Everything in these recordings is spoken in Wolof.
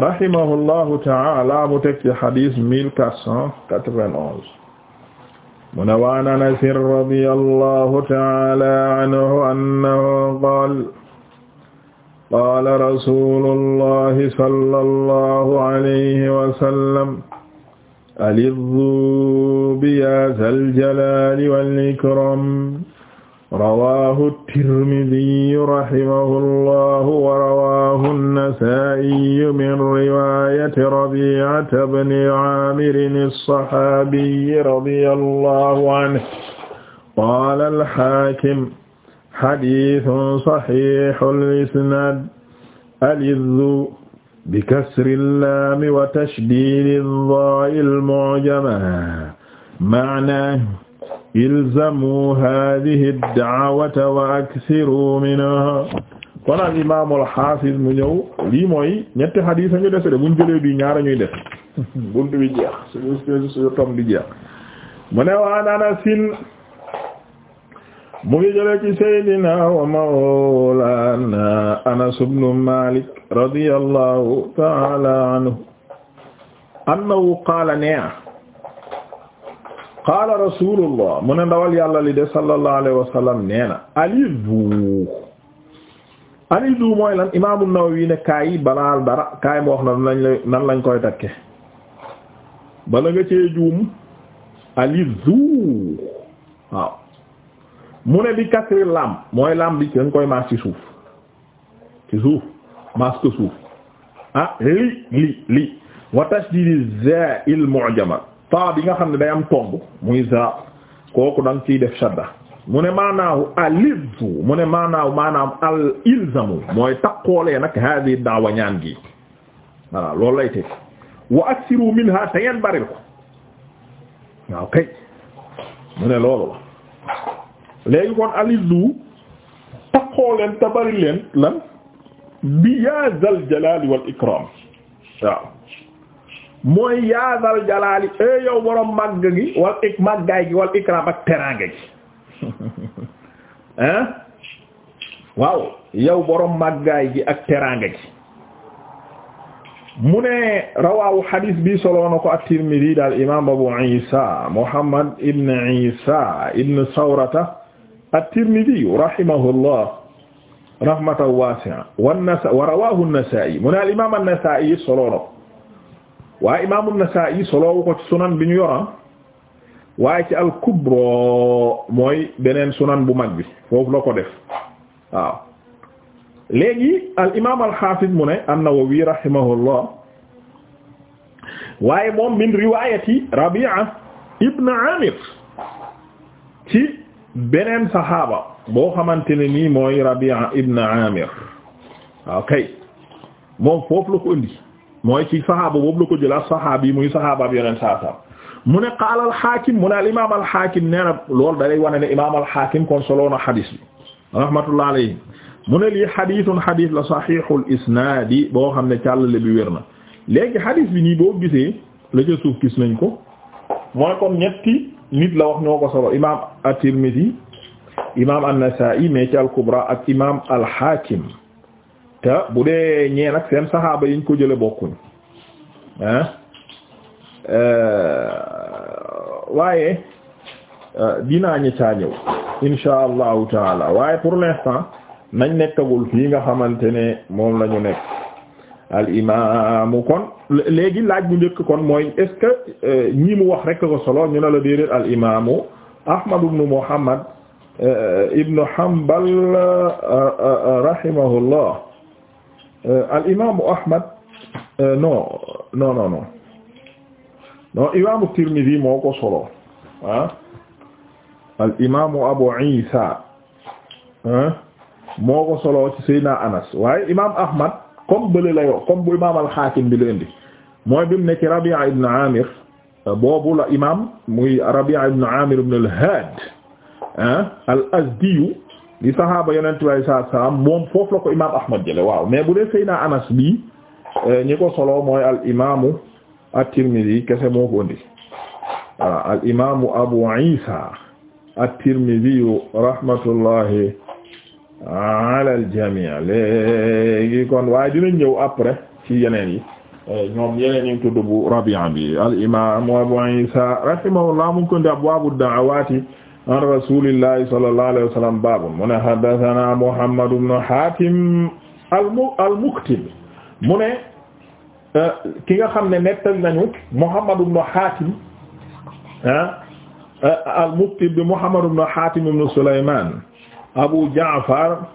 rahimahullahu ta'ala mu teg ci hadis mille quatre cent quatre-vingt-onze mu ne waan Anas radiyallahu ta'ala anhu annahu qaala qaala rasulullahi sallallahu alayhi wa sallam alizu biya zal jalali wal ikram rawaahu tirmidi rahimahullahu wa rawaahu nasaa'iyu min riwaayati rabi'ata bni aamirin as-saxaabiyi radiyallahu anhu qaala al-haakim xadiisun saxiixul isnaad alizzu bikasri laami wa tashdiidi zaa'i al-mu'jama ma'naahu ilzamuu haadihi da'wata wa aksiruu minhaa kon al imaam al haafiz mu ñëw lii mooy ñetti xadiis ñu dese de buñ jëlee bi ñaara ñuy def buntu bi jeex suñu suñu tom bi jeex mu ne waan anasin mu ngi jëlee ci sayyidina wa mawlaana anas ibnu maalik radiyallahu ta'ala anhu annahu qaala nee qaala rasulullah mu ne ndawal yàlla li de sallallahu alayhi wa sallam nee na alizu alizu mooy lan imaamu Nawawi ne kaay balaal dara kaay mu wax na nan lañ koy takke bala nga cee juum alizu waaw mu ne bi kasri lam mooy lam bi dañ koy maas ci suuf ci suuf maas ko suuf ah li li li wa tashdid za il mu'jama taa bi nga xam ne day am tomb muy za kooku da nga ciy def shadda mu ne maanaahu alizu mu ne maanaahu maanaam al ilzamu mooy taqoolee nag hadi daawa ñaan gi voilà loolu wa aksiru minha te ngeen baril ko waaw mu ne loolu la léegi kon alizu taqoo leen lan bi ya zal wal ikram waaw mooy yaadal jalaali e yow borom màgg gi wal ik màggaay gi wal ikram ak gi eh? borom màggaay gi ak teraanga mu ne rawaahu hadis bi solo na ko at-Tirmidhi daal imaam Abu Isa Muhammad ibn Isa ibn Sawrata at-Tirmidhi rahimahullah rahmatan wasi'a wa rawaahu an-Nasa'i mu ne al imaam an-Nasa'i solo waaye imaamu Nasaa'i soloowu ko ci sunan bi ñu yoran ah. waaye ci al-Kubra mooy beneen sunan bu mag bi foofu la ko def waaw léegi al imaam al xaafis mu ne an-Nawawi rahimahullah waaye moom min riwaayati Rabi'a ibn Amir ci beneen saxaaba boo xamante ne nii mooy Rabi'a ibn Amir waaw moom foofu la ko mooy ci saxaaba boobu la ko jël saxaaba yi muy saxaaba bi yeneen saa saa mu ne qaala alxaakim mu ne al imaam alxaakim nee na loolu da lay wane ne kon solo na xadis bi rahmatullah alayhi mu ne lii xadisun xadis la saxiixul isnaadi boo xam ne càllale bi wér na léegi xadis bi ni boo gisee la ca suuf nañ ko mooy kon ñetti nit la wax ñoo ko solo imaam at-Tirmidhi imaam an-Nasaa'i mais al-Kubra ak imaam alxaakim. te bu dee ñee nag seen saxaaba yiñ ko jële bokkuñ euh, waaye euh, dinaa ñi caa ñëw insha allahu taala waaye pour l'instant nañ nekkagul fii nga xamante ne moom lañu nekk al imaamu kon léegi laaj bu njëkk kon mooy est que euh, ñi mu wax rek ko solo ñu ne la déedéet al imaamu ahmad ibnu muhammad ibnu hanbal rahimahullah Euh, al imaamu Ahmad euh, non non non non non imaamu Tirmidhi moo ko solo ah al imaamu Abu Isa moo ko solo ci Seydina Anas waaye imaam Ahmad comme bële la yor comme bu imaam al-Hakim bi la indi mooy bi mu nekk Rabi'a ibn Amir euh, boobu la imaam muy Rabi'a ibn Amir ibn al-Had al-Azdi di saxaaba yonent bi saa salaam moom foofu la ko imaam Ahmad jële waaw mais bu dee Seyna Anas bii eh, ñi ko solo mooy al imaamu at-Tirmidhi kese moo ko al imaamu Abu Isa at-Tirmidhi rahmatullahi ala al jamii léegi kon waaye dinañ ñëw après ci yeneen yi eh, ñoom yeneen yi tudd Rabi'a bi al imaamu Abu Isa rahimahullah mu ngi abwaabu da'awaati an rasulillahi sallallahu alayhi wa sallam baabu mu ne haddathana Muhammad ibn Hatim al-Muktib mu ne eh, ki nga xam ne nettal nañu Muhammad ibn Hatim ah eh, al-Muktib bi Muhammad ibn Hatim ibn Sulayman Abu Ja'far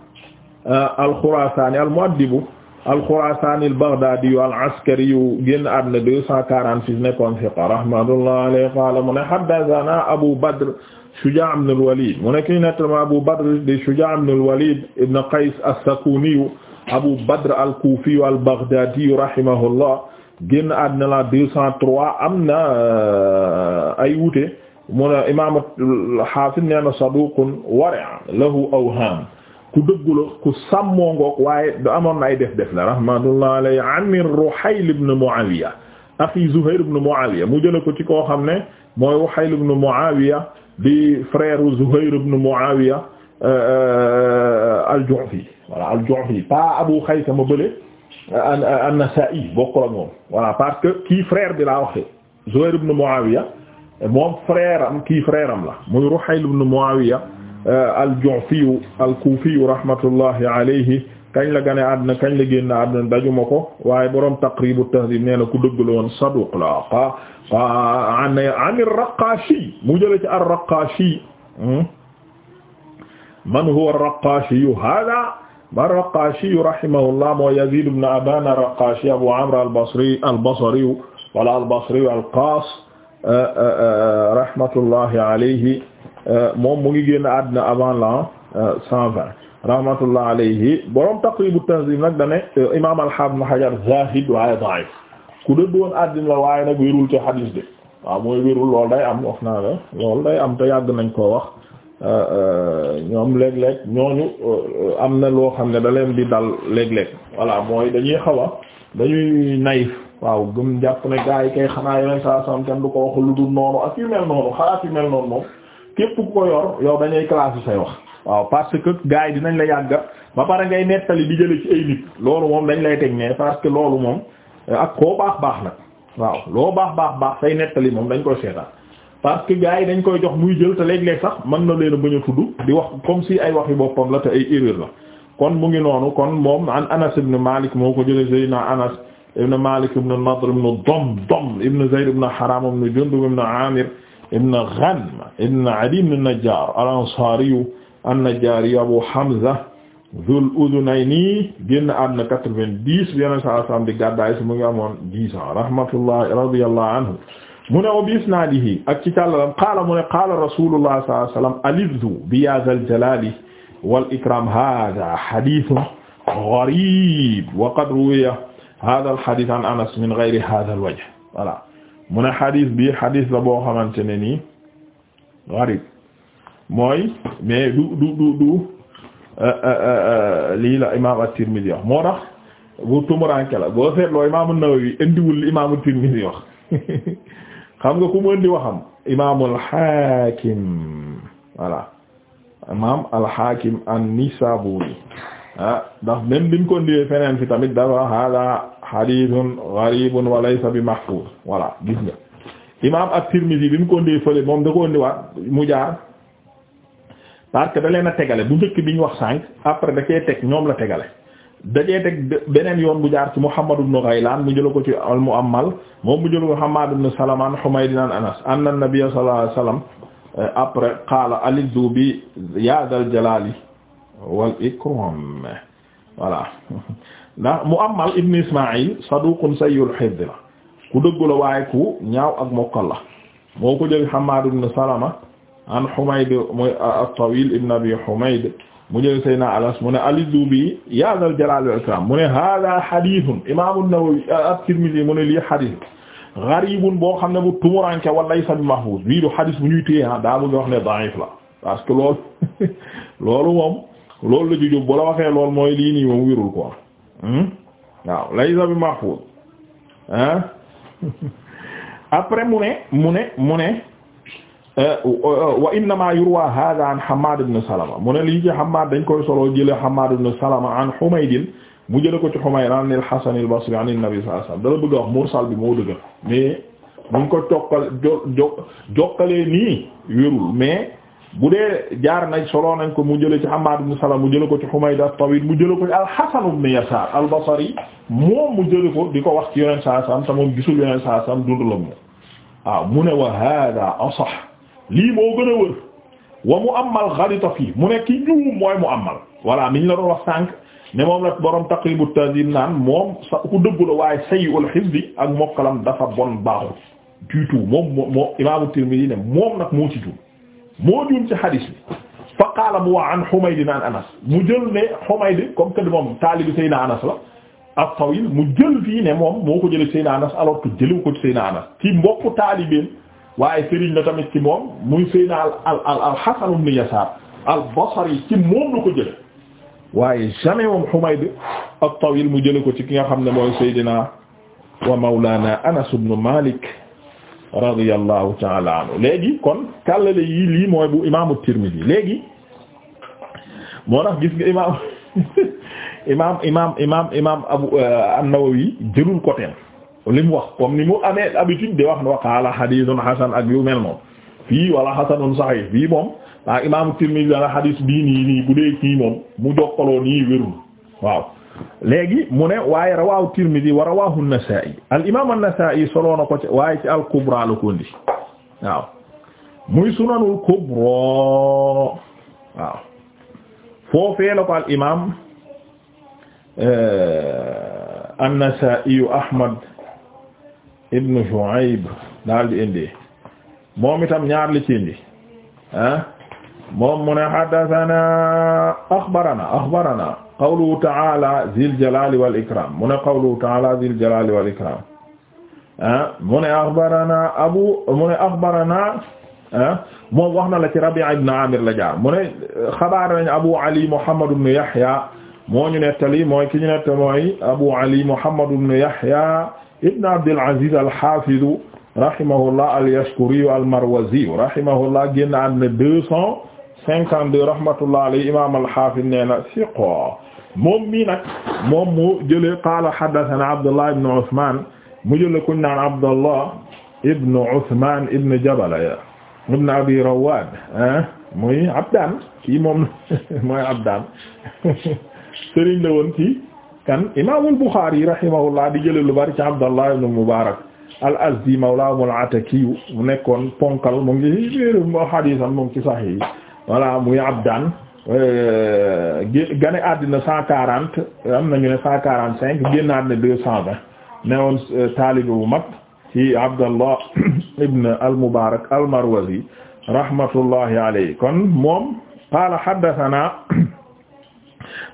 eh, al-Khurasani al-Mu'addib al-Khurasani al-Baghdadi al-Askari génn àdduna 246 nekkoon fiqa rahmatullahi alayhi qala mu ne haddathana Abu Badr Shujaa ibn al-Walid mu nekk ñu nettal ma Abu Badr di Shujaa ibn al-Walid ibn Qays as-Sakuniyu Abu Badr al-Kufiyu al-Baghdadiyu rahimahullah génn àddina la 203 am na euh, ay wuute mu ne Imaam al-Hafiz nee na saduqun wari' lahu awham ku dëggula ku sàmmoo ngoog waaye da amoon na ay def-def la rahmatullah alayhi an Ruhayl ibn Mu'awiya axi Zuhayr ibn Mu'awiya mu jële ko ci koo xam ne mooy Ruhayl ibn Mu'awiya di frère Zuhayr ibn Muawiya euh, euh, al-Ju'fi voilà al-Ju'fi pas Abu Khaythama bële an-Nasa'i bokkul ak moom voilà parce que kii frère bi laa waxee Zuhayr ibn Muawiya moom frère am kii frère am la muy Ruhayl ibn Muawiya euh, al-Ju'fi al-Kufi rahmatullahi alayhi kañ la gane àdduna kañ la génn àdduna dajuma ko waaye borom taqribu tahdhib nee na ku dëgg la woon saduq la qa an an ar-Raqashi mu jële ci ar-Raqashi hmm? man huwa ar-Raqashi hada ar-Raqashi rahimahullah moo Yazid ibn Aban ar-Raqashi Abu Amr al-Basri al-Basri wala al-Basri al-Qas eh, eh, eh, rahmatullahi alayhi moom mu ngi génn àdduna avant l'an 120 rahmatullah alayhi borom taqribu tanzim nag dane euh, imam alhabid na hajar zahid waaye da'if ku dëdd woon addina la waaye nag wérul ci hadis bi waaw mooy wérul loolu day am wax naa la loolu day am te yàgg nañ koo wax euh, euh, ñoom léeg-léeg ñooñu am na loo xam ne da leen di dal léeg-léeg voilà mooy dañuy xaw a dañuy nayif waaw gëm jàpp ne gars yi kay xanaa yeneen saa sam kenn du ko wax lu dul noonu ak yu mel noonu xalaat yu mel noonu moom képp ku ko yor yow dañuy classe say wax waaw parce que gars yi dinañ la yàgga ba pare ngay nettali di jële ci ay nit loolu moom dañ lay teg ne parce que loolu moom ak koo baax baax nag waaw loo baax baax baax say nettali moom dañ koy seetaan parce que gars yi dañ koy jox muy jël te léeg-léeg sax mën na leen a bañ a tudd di wax comme si ay wax waxi boppam la te ay erreur la kon mu ngi noonu kon moom an Anas ibn Malik moo ko jële Seydina Anas ibn Malik ibn Nadr ibn Damdam ibn Zayd ibn Haram ibn Jundub ibn Amir ibn Ghanm ibn Adi ibn Najjar al-Ansari an-Najjaari Abu Hamza Zul Udunayni génn àdduna quatre-vingt-dix yeneen saa saam di gàddaay si mu ngi amoon dix ans rahmatullahi radiyallahu anhu mu ne wa bi isnaadihi ak ci càllalam qaala mu ne qaala rasulullah sallallahu alayhi wa sallam alizzu bi yaa zal jalaali wal ikram haaza hadiisun gariib wa qad ruwiya haazal hadiis an Anas min gayri haazal wajh voilà mu ne hadiis bi hadiis la boo xamante ne nii gariib mooy mais du du du du euh, euh, euh, lii la imaam at-Tirmidhi wax moo tax bu tumuranke la boo seetloo imaam an indiwul imaam at-Tirmidhi wax xam nga ku mu indi waxam imaam al-Hakim voilà imaam al-Hakim an-Nisaburi ah ndax même feneen fi tamit dafa hada hadithun gharibun wa laysa bi mahfuz voilà imaam at-Tirmidhi bi mu moom da ko ndiwaat mu jaar parce que da leen a tegale bu njëkk bi ñu wax sànq après da cee teg ñoom la tegale dajee teg beneen yoon bu jaar ci Muhammad ibn Ghaylan mu jëla ko ci al Muammal moom mu jëla ko Hammad ibn Salama an Humayd an Anas anna an-nabiy sallallahu euh, après qaala alizzu bi ya dal jalali wal ikram voilà ndax Muammal ibn Isma'il saduqun sayyul hifz la ku dëggu la waaye ku ñaaw ak mokkal la moo ko jël Hammad ibn Salama an Humayd mooy at-Tawil ibn Abi Humayd mu jël Seydina Anas mu ne al-Zubi ya zal jalali wal ikram mu ne hada hadithun imam an-Nawawi at-Tirmidhi mu ne lii hadith gharibun boo xam ne bu tumuranke wala laysa bi mahfuz bii du hadith bu ñuy téye ah daa bëgg a wax ne da'if la parce que loolu loolu moom loolu la jujub bu la waxee loolu mooy lii nii moom wirul quoi hmm? waaw laysa bi mahfuz ah après mu ne mu ne mu ne Eh, wa innama yurwa hadha an Hammad ibn Salama mu ne lii ci Hammad dañ koy solo jële Hammad ibn Salama an Humayd mu jële ko ci Humayd an al-Hasan al-Basri an an-Nabi sallallahu alayhi wasallam dala bëgg a wax mursal bi moo dëggal mais mu ngi ko jokkal jo jokkalee nii wérul dee jaar nañ solo nañ ko mu jële ci Hammad ibn Salama mu jële ko ci Humayd at-Tawil mu jële ko ci al-Hasan ibn Yasar al-Basri moom mu jële ko di ko wax ci Yonent sallallahu alayhi wasallam te moom gisul Yonent sallallahu alayhi la moom waaw mu ne wa hada asah lii moo gën a wër wa mu amal xalita fii mu nekk ki ñuum mooy mu amal voilà mi ñu la doon wax sànq ne moom la borom taqribu tanzim naan moom sa ku dëggu la waaye sayyul hifzi ak mokkalam dafa bon baaxul du tout moom moo moo imaamu Tirmidhi ne moom nag moo ci juum moo juum ci hadis bi fa qaala mu waa an Humayd naan Anas mu jël ne Humayd comme que moom taalibi Seydina Anas la at-Tawil mu jël fii ne moom moo ko jëlee Seydina Anas alors que jëliwu ko ci Seydina Anas ci mbokku taalibeem waaye sëriñ la tamit ci muy Seydina al al al al Hasan al Basri ci moom la waaye jamais moom Humayd at-Tawil mu jële ko ci ki nga xam ne mooy Seydina wa Mawlana Anas ibn Malik radiyallahu ta'ala yi lii mooy bu imaamu Tirmidhi léegi moo ko euh, teen li mu wax comme ni mu amee habitude di wax wa qaala hadithun hasan ak yu mel noonu fii wala hasanun sahih fii moom waa ah, imaamu Tirmidhi dana hadith bii nii nii bu moom mu jokkaloo nii wérul waaw mu ne waaye rawahu Tirmidhi wa rawahu an-Nasa'i al imam an-Nasa'i soloo na ko ci waaye ci al kubra muy sunanul kubra waaw foofee la ko al eh, nasai Ahmad ibn Shu'ayb daal di indi moom itam ñaar li ci indi ah moom haddathana akhbarana akhbarana qawluhu ta'ala zil jalali wal ikram mu ne qawluhu ta'ala zil jalali wal ah? abu ah? wax na ci Rabi'a ibn Amir la jaar mu ne xabaar nañ Abu Ali Muhammad ibn Yahya moo nettali mooy ki nettali mooy Abu Ali Muhammad ibn Yahya ibn Abdul Aziz al-Hafiz rahimahullah al-Yashkuri al-Marwazi rahimahullah génn am na deux cent cinquante-deux rahmatullah alayhi imam al-Hafiz nee na siqa moom mii nag moom mu jëlee qaala haddathana Abdullah ibn Uthman mu jëlee kuñ naan Abdullah ibn Uthman ibn Jabala ibn Abi Rawad muy Abdan kii moom mooy Abdan sëriñ la woon ci kan imaamul Buxaari rahimahullah di jëlee lu bari ci Abdallah ibn Mubaarak al azdi mawlaahum al atakiyu mu nekkoon ponkal mu ngi hadiisam mu ngi ci Sahih voilà muy Abdaan euh, gane àddina cent quarante am nañu ne cent quarante cinq génn àddina deux cent vingt ne woon euh, taalibe bu mag ci Abdallah ibn al Mubaarak al Marwazi rahmatullahi alayhi kon moom qaala haddasanaa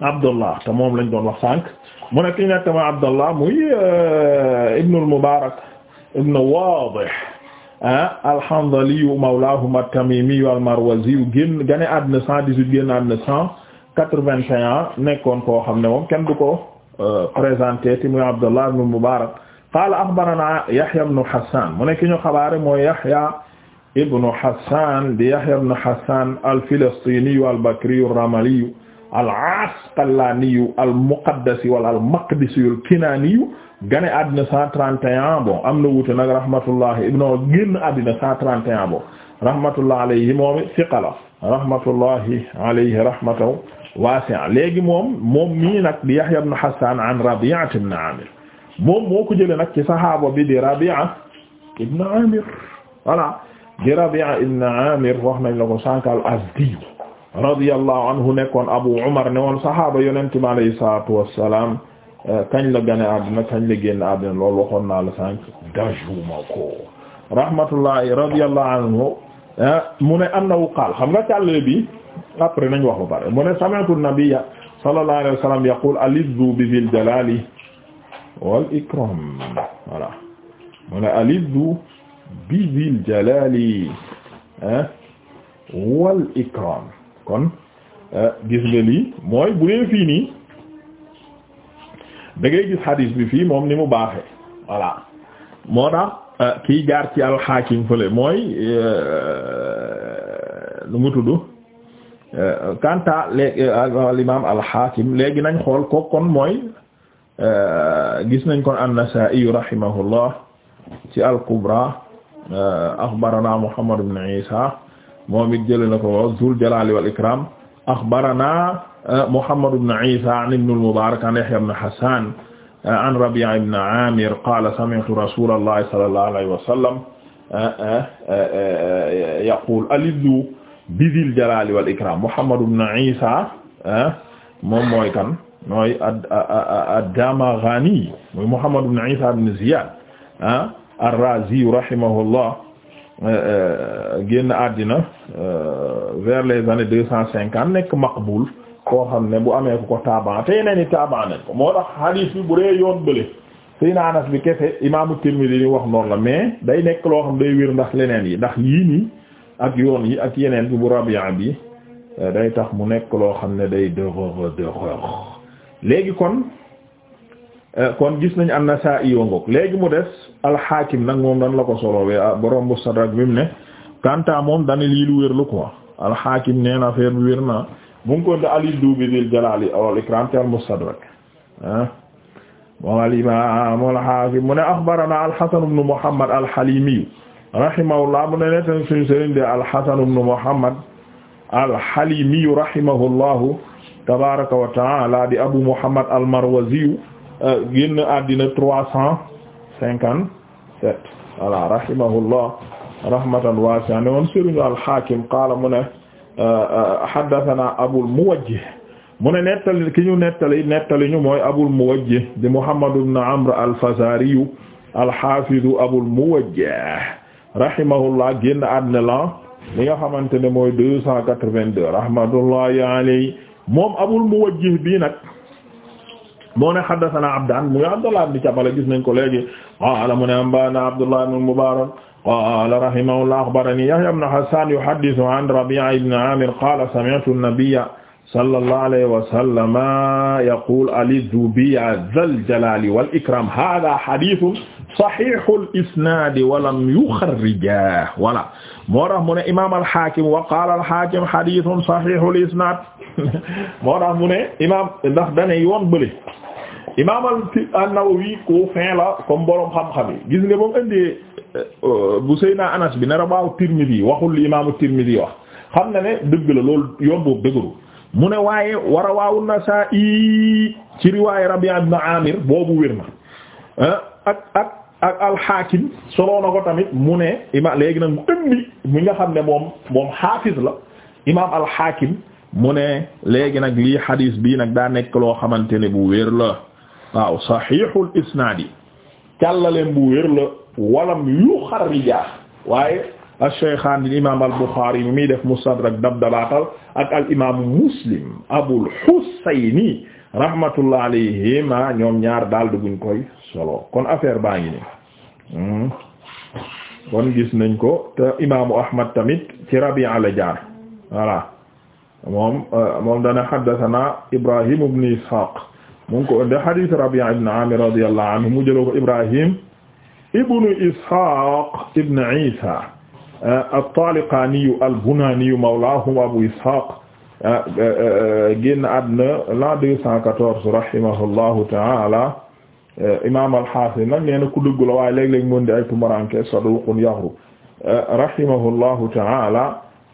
Abdullah te moom lañ doon wax sànq mu ne ki nettama Abdullah muy euh, ibnu al-Mubarak ibnu Wadih ah, al-Hanzaliyu mawlaahum at-Tamimiyu al-Marwaziyu génn gane àddina 118 génn àddina 181 nekkoon koo xam ne moom kenn du ko euh, présenté ti muy Abdullah ibnu al-Mubarak qaala axbaranaa Yahya ibnu Hassan mu ne ki ñu xabaare mooy Yahya ibnu Hassan di Yahya ibnu Hassan al-Filistiniyu al-Bakriyu ar-Ramaliyu al Asqalaaniyu al Muqaddasi wala al Maqdisiyu al Kinaaniyu gane àddina 131 bon am na wuute nag rahmatullahi ibnu génn àddina 131 bon rahmatullahi alayhi moom siqala rahmatullahi alayhi rahmatan waasi'a léegi moom moom mii nag di Yahya ibn Hassan an Rabi'a ibn Amir moom moo ko jëlee nag ci saxaaba bi di Rabi'a ibn Amir voilà di Rabi'a ibn Amir wax nañ la ko sànq al Azdi radiyallahu anhu nekkoon Abu Umar ne woon saxaaba yonent bi alayhi salaatu wassalaam eh, kañ la gane àddina kañ la génn àddina loolu waxoon naa la sànq dajuma ko rahmatullahi radiyallahu anhu eh, mu ne annahu qaal xam nga càllale bi après nañ wax ba pare mu ne sami'tu nabiyya sallallahu alayhi wa sallam yaqul alizzu bi zil jalali wal ikram voilà mu ne alizzu bi zil jalali eh, wal ikram kon euh, gis nga lii mooy bu dee fii nii da gis xadiis bi fii moom ni mu baaxee voilà moo tax euh, kiy jaar ci alxaakim fële mooy euh, nu mu tudd kanta léegi alimaam alxaakim léegi nañ xool ko kon mooy gis nañ kon an-Nasaa'i rahimahullah ci al-Kubra Muhammad ibn Isa moom it jëlee na ko Zul Jalali wal Ikram axbarana eh, Muhammad ibn Isa an ibn al-Mubarak an Yahya ibn Hasan eh, an Rabi'a ibn Amir qala sami'tu rasulallahi sallallahu alayhi wa sallam eh, yaqul aliddu bizil Jalali wal Ikram Muhammad ibn Isa moom mooy kan mooy ad-Damaghani mooy Muhammad ibn Isa ibn Ziyad ar-Razi rahimahullah Euh, euh, génn àddina euh, vers les années deux cent cinquante nekk maqbul koo xam ne bu amee ku ko taabaan te yeneen i taabaan nañ ko moo tax hadith bi bu dee yoon bële sëy Anas bi kese imaamu Tirmidhi ni wax noonu la mais day nekk loo xam day wér ndax leneen yi ndax yii nii ak yoon yi ak yeneen bi bu Rabi'a bi day tax mu nekk loo xam ne day dëxër dëxër léegi kon Eh, kon gis nañ an-Nasaa'i wa ngoog léegi mu des al-Haakim moom dan la ko solowee ah, borom Mustadrak bi mu ne kanta moom dana lii lu wér lu quoi al-Haakim bi wér na mu ngi ko ali duubi dil jalaali wal ikraam te al-Mustadrak ah moom al mu ne mu ne neten suñu sëriñ Muhammad al-Haliimi rahimahullahu tabaaraka wa ta'aala di Abu Muhammad al-Marwazi Euh, génn àddina trois cent cinquante sept voilà rahimahullah rahmatan wasi'a ne woon sëriñu al-Hakim qaala mu ne euh, euh, haddathana Abul Muwajjih mu ne nettali ki ñu nettali nettali ñu mooy Abul Muwajjih di Muhammad ibn Amr al-Fazari al-Hafiz Abul Muwajjih rahimahullah génn àddina la li nga xamante ne mooy deux cent quatre-vingt-deux rahmatullahi alayhi moom Abul Muwajjih bi nag moo ne haddathana Abdaan muy Abdullah ibn Jabal gis nañ ko léegi qaala mu ne anbaana Abdullah ibn Mubaarak qaala rahimahullah akhbarani Yahya ibn Hassaan yuhaddithu an Rabi'a ibn Aamir qaala sami'tu an-nabiyya sallallahu alayhi wa sallam yaqulu ali-dhubiyya dhal-jalaali wal-ikraam haadha hadiithun sahiihul isnaad wa lam yukharrijah voilà moo tax mu ne imaam al-Haakim wa qaala al-Haakim hadiithun sahiihul isnaad moo tax mu ne imaam ndax dañu yoon bële imaam an-Nawawi ku fin la comme borom xam-xam yi gis nga ba mu indee euh, Anas bi ne rawaahu waxul li imaamu Tirmidhi wax xam na ne dëgg la loolu yombu dëggaru mu ne waaye wara rawaahu Nasaa'i ci riwaayu Rabi' ibn Amir boobu wér na ah, ak al-Hakim soloo na ko tamit mu ne imaam léegi nag mu indi mi nga xam ne moom moom xaafiz la imaam al-Hakim mu ne léegi nag lii xadiis bii nag daa nekk loo xamante ne bu wér la. waaw saxiixul isnaadi càllaleen bu wér la walam yu xarrijaa waaye ash-shaykhaan di al-Buxaari mi muy def mustadrak dabdabaatal ak al imaamu Muslim Abul Husayni rahmatullah alayhima ñoom ñaar daal duguñ koy kon affaire baa ngi nii hmm. kon gis nañ ko te imaamu tamit ci Rabi'a la jaar voilà moom euh, dana haddathana Ibrahim ibn Ishaq mu ngi ko de hadith Rabi'a ibn Amir radiyallahu anhu mu jëloo ko Ibrahim ibn Ishaq ibn Isa eh, at-Taliqani al-Bunani mawlahum Abu Ishaq eh, eh, génn àdduna l'an deux cent quatorze rahimahullahu ta'ala imam al-Hafiz nag nee na ku dëggu la waaye léeg-léeg mën di ay tumaranke saduqun yaghrib rahimahullahu ta'ala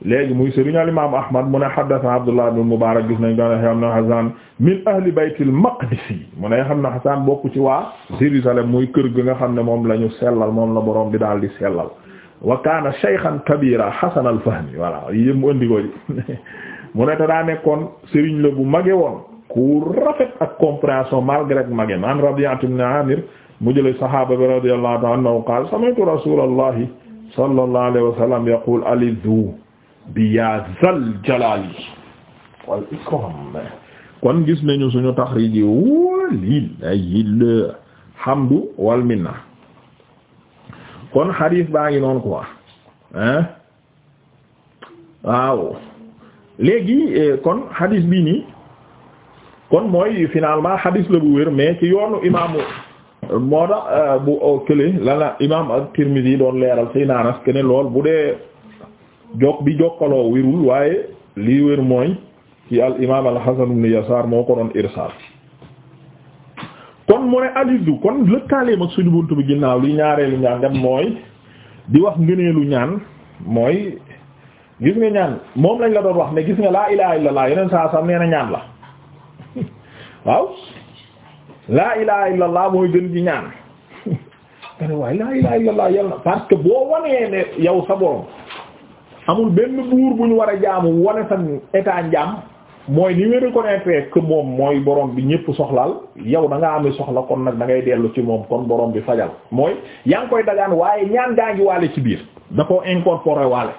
léegi muy sëriñ al imam ahmad mu ne haddathana abdullah ibn mubarak gis nañ gone xam na hasan min ahli baytil maqdisi mu ne xam na hasan bokk ci waa jérusalem muy kër gi nga xam ne moom la ñu sellal moom la borom bi daal di sellal wa kaana shaykhan kabira hasan al fahmi voilà yi yëpp mu andikoo ji mu ne te daa nekkoon sëriñ la bu mage woon ku rafet ak compréhension malgré mage man rabi'at ibn amir mu jële sahaaba bi radiyallahu ta'ala anhu qaala sami'tu rasulallahi sallallahu alayhi wa sallam yaqul alidhu bi yaa zal kon gis nañu suñu taxriji walillahil hamdu wal minna kon xadiis baa ngi noonu quoi hein waaw léegi eh, kon xadiis bi nii kon mooy finalement xadiis la bu wér mais ci yoonu imaamu moo tax eh, bu oh, kële la la imaam ak Tirmidhi doon leeral say naanas kene lool bu dee jokk bi jokkaloo wérul waaye lii wér mooy ci al imaam al Hasan ibn Yasaar moo ko doon irsaal kon mu ne alidu kon lëkkaaleem ak suñu buntu bi ginnaaw li ñaareelu ñaan dem mooy di wax ngëneelu ñaan mooy gis nga ñaan moom lañ la doon wax ne gis nga laa ilaha illallah yeneen saa sax nee na ñaan la waaw laa ilaha illallah mooy gën ci ñaan nga ne waaye laa ilaha illallah yàlla parce que boo wanee ne yow sa borom amul benn buur bu ñu war a jaamu wane sa état njaam mooy ni nga reconnaître que moom mooy borom bi ñëpp soxlaal yow danga ngaa soxla kon nag dangay dellu ci moom kon boroom bi fajal mooy yaa ngi koy dagaan waaye ñaan gaa ngi waale ci biir da koo incorporé waale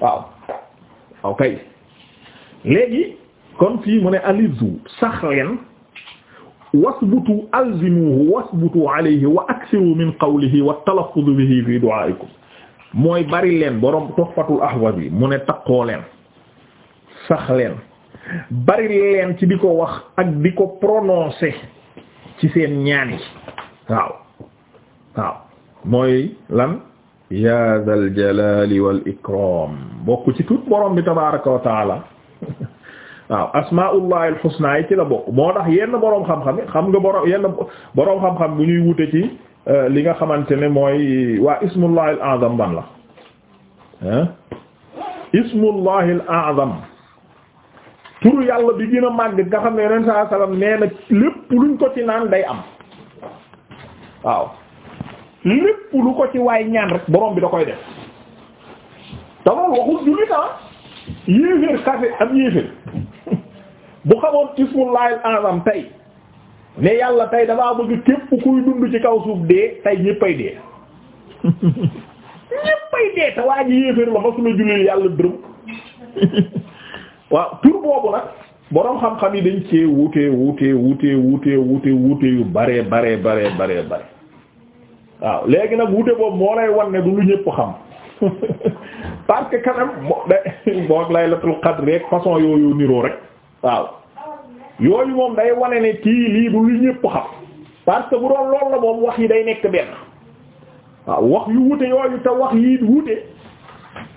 waaw waaw léegi kon fii mu ne alizu sax leen wasbutu alzimuhu wasbutu alayhi wa aksiru min qawlihi wa talaffuz mooy bari leen borom tuhfatul ahwas bi mu ne takkoo leen sax leen bari leen ci di ko wax ak di ko prononcer ci seen ñaan yi waaw waaw mooy lan ya dhal jalali wal ikram bokk ci tut boroom bi tabaraka wa taala waaw asmaullahi al husna yi ci la bokk moo tax yenn boroom xam-xam xam nga boroom yenn boroom xam-xam bu ñuy wute ci Euh, li nga xamante ne mooy waa ismullahil a'zam ban la ah ismullahil a'zam turu yàlla bi gën a màgg nga xam ne yonent saa lépp luñ ko ci naan day am waaw lépp lu ko ci waay ñaan rek borom bi da koy def te loolu waxul jullit ah yéeféer kase am yéeféer bu xamoon ismullahil a'zam tey ne yàlla tey damaa bëgg képp kuy dund ci kaw suuf dee tey ñëppay dee ñëppay dee te waa ji yéeféer la masula julli yàlla dërëm waaw tur boobu nag boroom xam-xam yi dañ ci wuute wuute wuute wuute wuute wuute yu bare bare bare bare bare waaw léegi nag wuute boobu moo lay wan ne du lu ñëpp xam parce que quand même moo de boog rek façon yooyu niroo rek waaw yooyu moom day wane ne kii lii du lu ñépp xam parce que bu doon lool la moom wax yi day nekk benn waaw wax yu wute yooyu te wax yi wute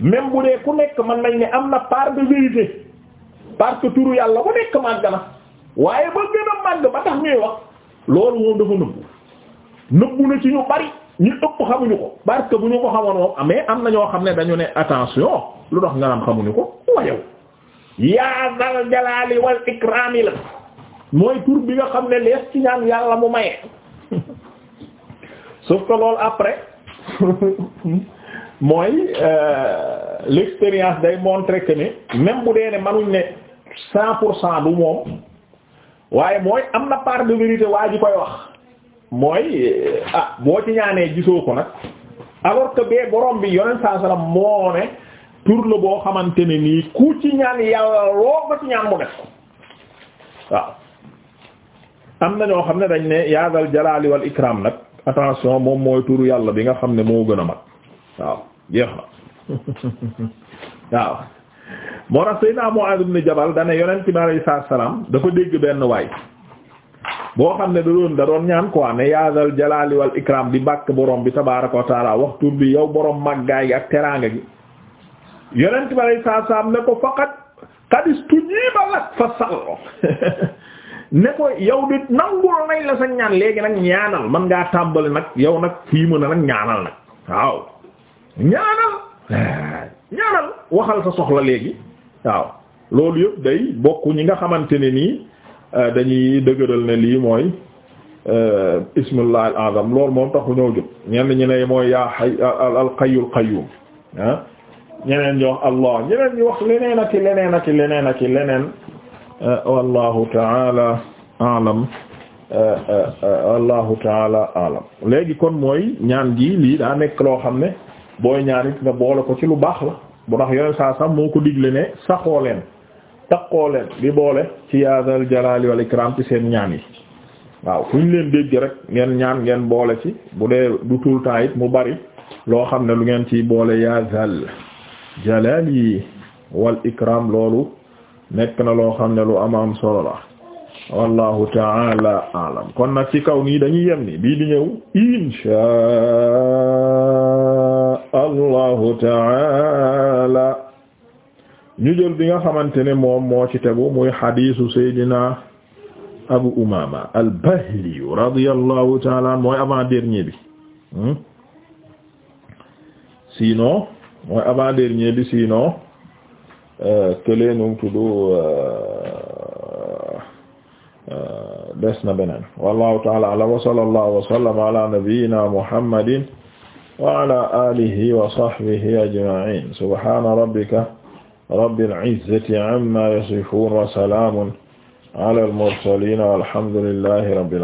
même bu dee ku nekk man nañ ne am na part de parce que turu yàlla bu nekk màgg na waaye ba gën a màgg ba tax ñuy wax loolu moom dafa nëbbu nëbbu na ci ñu bari ñu ëpp xamuñu ko parce bu ñu ko xamoon moom amee am na ñoo xam ne dañu ne attention lu tax nga naan xamuñu ko wayow yaa dal jalaali wal ikraami la mooy tur bi nga xam ne lees ci ñaan yàlla mu maye sauf que loolu après mooy euh, l'expérience day montrer que ne même bu dee ne manuñ ne cent pour cent du moom waaye mooy am na part de vérité waa ji koy wax mooy euh, ah boo ci ñaanee gisoo ko nag alors que bee borom bi yoneen saa sala moo ne tur la boo xamante ne nii ku ci ñaan yàlla loo ko ci ñaan mu def ko waaw am na ñoo xam ne dañ ne yaa dal jalaali nag attention moom mooy turu yàlla bi nga xam ne moo gën a mag waaw jeex na waaw moo tax Seydina Mu'aaz ibn Jabal dane yonent bi alayhi salaam dafa dégg benn waay boo xam ne da doon da doon ñaan quoi ne yaa dal jalaali wal bàkk borom bi tabaaraka wa taala waxtu bi yow borom màggaay gi ak teraanga gi yonent bi alayhi salaam ne ko faqat qad istujiiba lak fa sall ne ko yow di nangul nañ la sa ñaan léegi nag ñaanal man ngaa tàmbali nag yow nag fii mën a nag ñaanal nag waaw ñaanal ñaanal waxal sa soxla léegi waaw loolu yëpp day bokk ñi nga xamante ne nii euh, dañuy dëgëral ne lii mooy euh, ismullah al azam loolu moom taxu ñëw jot ñenn ñi ne mooy yaa xay al qayyul qayyum ah ñeneen ñi wax allah ñeneen ñi wax leneen ak leneen ak leneen leneen Uh, wallahu taala alam uh, uh, wallahu taala alam léegi kon mooy ñaan gi lii daa nekk loo xam ne booy ñaan it nga boole ko ci lu baax la bu tax yooyu saa sax moo ko digle ne saxoo leen taqoo leen bi boole ci yaa dal jalaali wal ikram ci seen ñaan yi waaw fu ñu leen dégg rek ngeen ñaan ngeen boole ci bu dee du tout temps it mu bari loo xam ne lu ngeen ci boole yaa dal jalaali wal ikram loolu nekk na loo xam ne lu am am solo la wallahu taala alam kon nag ci kaw nii dañuy yem ni bii di ñëw inshaa bi nga xamante ne moom moo ci tegu hmm? mooy avant dernier bi sinon mooy avant kële num tudd euh, des na beneen wallahu taala alam wa sallallahu wa sallama ala nabiyyina muhammadin wa ala alihi wa sahbihi ajma'in subhana rabbika rabbil izzati amma yasifun wa salamun ala al mursalin walhamdulillahi rabbil alamin